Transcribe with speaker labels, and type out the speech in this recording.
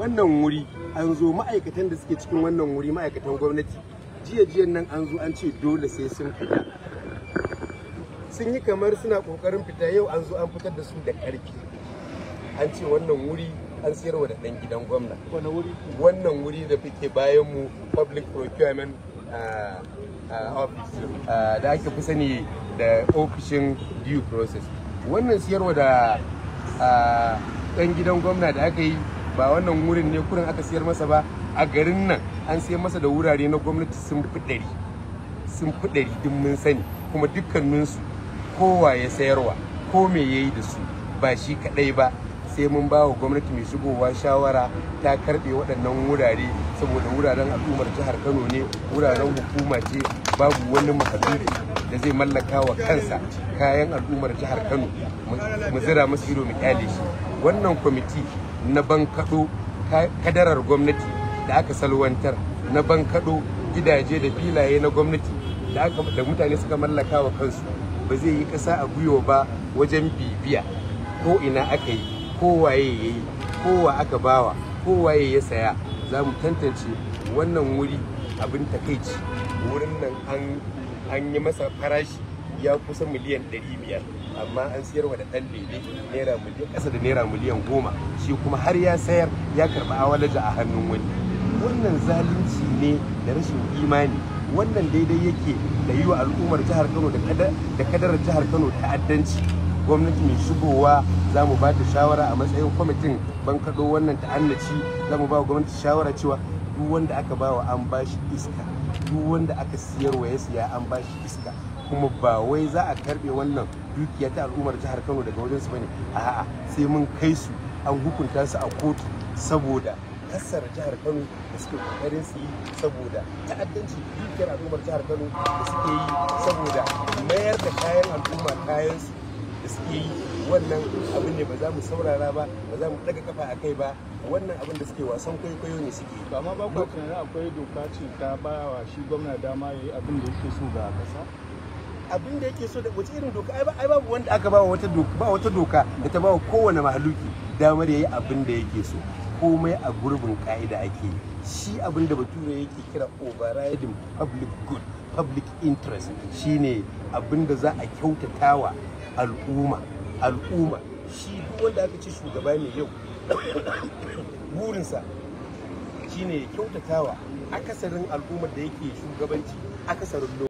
Speaker 1: wannan wuri an zo ma'aikatan da suke cikin wannan wuri ma'aikatan gwamnati jiya jiyan nan an zo an ce dole sai sun fita sun yi kamar suna kokarin fita yau an zo an fitar da su da karfi an ce wannan wuri an siyarwa da dan gidan gwamna wannan wuri da fike bayan mu public procurement ah, ah, office ah, da ake fi sani da ofishin due process wannan siyarwa da dan gidan gwamna da aka yi ba wannan wurin ne kurin aka siyar masa ba a garin nan an siyar masa da wurare na gwamnati sun fi ɗari sun fi ɗari din mun sani kuma dukkaninsu kowa ya sayarwa ko me ya yi da su ba shi kaɗai ba sai mun ba wa gwamnati mai shigowa shawara ta karɓe waɗannan wurare saboda wuraren al'ummar jihar kano ne wuraren hukuma ce babu wani mahaduri da zai mallaka wa kansa kayan al'ummar jihar kano mu zira masu ido mu kyale shi wannan kwamiti na bankaɗo kadarar gwamnati da aka salwantar na bankaɗo gidaje da filaye na gwamnati da mutane suka mallaka wa kansu ba zai yi ƙasa a gwiwa ba wajen bibiya ko ina aka yi kowaye ya yi kowa aka bawa kowaye ya saya za mu tantance wannan wuri abin takaici wurin nan an yi masa farashi ya kusa miliyan 500 amma an siyarwa da ɗan lele naira miliyan ƙasa da naira miliyan goma shi kuma har ya sayar ya karɓi awalaja a hannun wani wannan zalunci ne da rashin imani wannan daidai yake da yi wa al'ummar jihar kano da kadarar jihar kano ta'addanci gwamnati mai shigowa za mu ba ta shawara a matsayin kwamitin bankaɗo wannan ta'annaci za mu ba wa gwamnati shawara cewa duk wanda aka bawa an bashi iska duk wanda aka siyarwa ya siya an bashi iska kuma ba wai za a karbe wannan dukiya ta al'ummar jihar Kano daga wajen su bane a'a sai mun kai su an hukunta su a kotu saboda kasar jihar Kano da suke kokarin su yi saboda ta'addanci dukiyar al'ummar jihar Kano da suke yi saboda mayar da kayan al'umma kayan su da suke yi wannan abin ne ba za mu saurara ba ba za mu daga kafa a kai ba wannan abin da suke wasan kwaikwayo ne suke yi. amma ba ku akwai doka ce ta bayawa shi gwamna dama ya yi abin da yake so ga kasa abin da yake so da wace irin doka ai babu wanda aka bawa wata doka ba wata doka da ta ba kowane mahaluki damar yayi abin da yake so komai a gurbin ka'ida ake shi abin da bature yake kira overriding public good public interest shine abin da za a kyautatawa al'umma al'umma shi duk wanda aka ce shugaba ne yau burinsa shine kyautatawa akasarin al'ummar da yake shugabanci akasarin